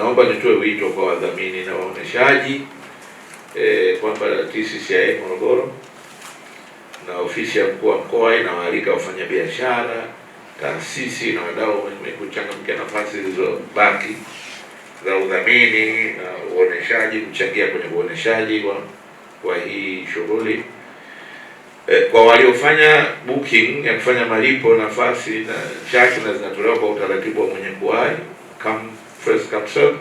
Naomba nitoe wito kwa wadhamini na waoneshaji e, kwamba TCCIA Morogoro na ofisi ya mkuu wa mkoa inawaalika wafanyabiashara, taasisi na wadau kuchangamkia nafasi zilizobaki za udhamini na uoneshaji, kuchangia kwenye uoneshaji wa kwa hii shughuli e, kwa waliofanya booking ya kufanya malipo, nafasi na chaki na zinatolewa kwa utaratibu wa mwenye kuwahi kama first capsule.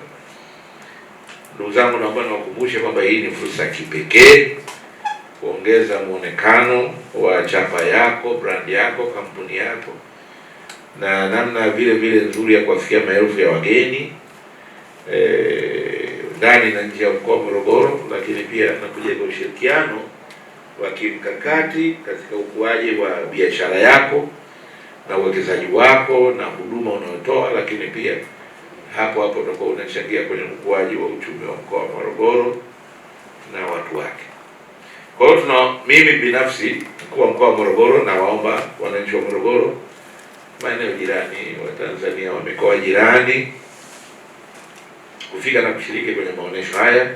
Ndugu zangu, naomba niwakumbushe kwamba hii ni fursa ya kipekee kuongeza mwonekano wa chapa yako, brand yako, kampuni yako na namna vile vile nzuri ya kuwafikia maelfu ya wageni eh, ndani e, na nje ya mkoa wa Morogoro, lakini pia na ushirikiano wa kimkakati katika ukuaji wa biashara yako na uwekezaji wako na huduma unayotoa, lakini pia hapo hapo utakuwa unachangia kwenye ukuaji wa uchumi wa mkoa wa Morogoro na watu wake. Kwa hiyo tuna mimi binafsi mkuu wa mkoa wa Morogoro na waomba wananchi wa Morogoro, maeneo jirani, wa Tanzania wa mikoa jirani kufika na kushiriki kwenye maonesho haya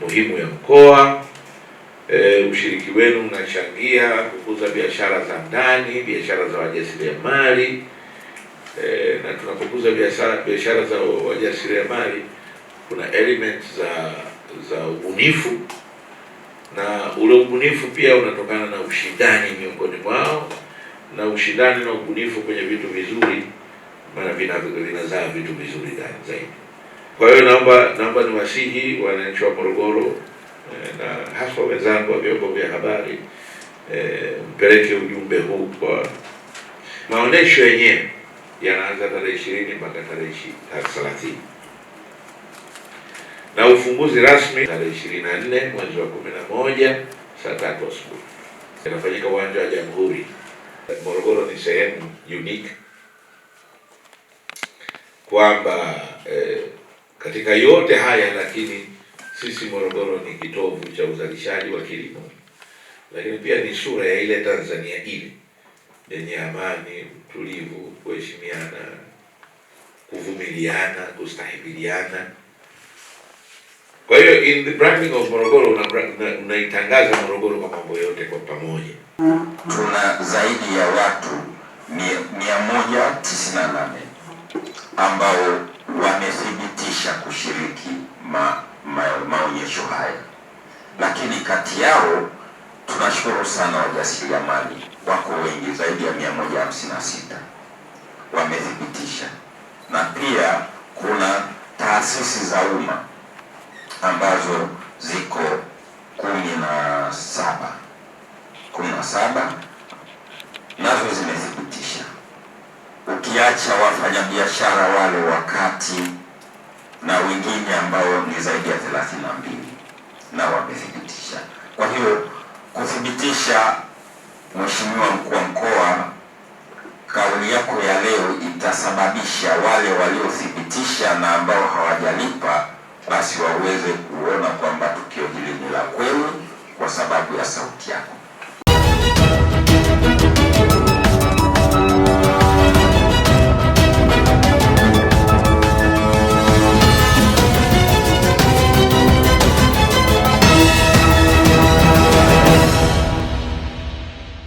muhimu ya mkoa. E, ushiriki wenu unachangia kukuza biashara za ndani, biashara za wajasiriamali e, na tunapokuza biashara biashara za wajasiriamali kuna element za za ubunifu na ule ubunifu pia unatokana na ushindani miongoni mwao, na ushindani na ubunifu kwenye vitu vizuri, maana vinazaa vitu vizuri zaidi. Kwa hiyo naomba naomba niwasihi wananchi wa Morogoro eh, na haswa wenzangu wa vyombo vya habari eh, mpeleke ujumbe huu kwa maonesho yenyewe yanaanza tarehe ishirini mpaka tarehe thelathini na ufunguzi rasmi tarehe ishirini na nne mwezi wa kumi na moja saa tatu asubuhi. Inafanyika uwanja wa Jamhuri. Morogoro ni sehemu unique kwamba eh, katika yote haya lakini sisi Morogoro ni kitovu cha uzalishaji wa kilimo, lakini pia ni sura ya ile Tanzania ile yenye amani, utulivu, kuheshimiana, kuvumiliana, kustahimiliana. Kwa hiyo in the branding of Morogoro unaitangaza una Morogoro kwa mambo yote kwa pamoja. Tuna zaidi ya watu mia moja tisini na nane ambao wamethibitisha kushiriki ma, ma, maonyesho haya, lakini kati yao Tunashukuru sana wajasiriamali wako wengi zaidi ya 156 wamethibitisha, na pia kuna taasisi za umma ambazo ziko kumi na saba kumi na saba nazo zimethibitisha, ukiacha wafanyabiashara wale wakati na wengine ambao ni zaidi ya 32 na wamethibitisha, kwa hiyo kuthibitisha, Mheshimiwa mkuu wa mkoa, kauli yako ya leo itasababisha wale waliothibitisha na ambao hawajalipa basi waweze kuona kwamba tukio hili ni la kweli kwa sababu ya sauti yako.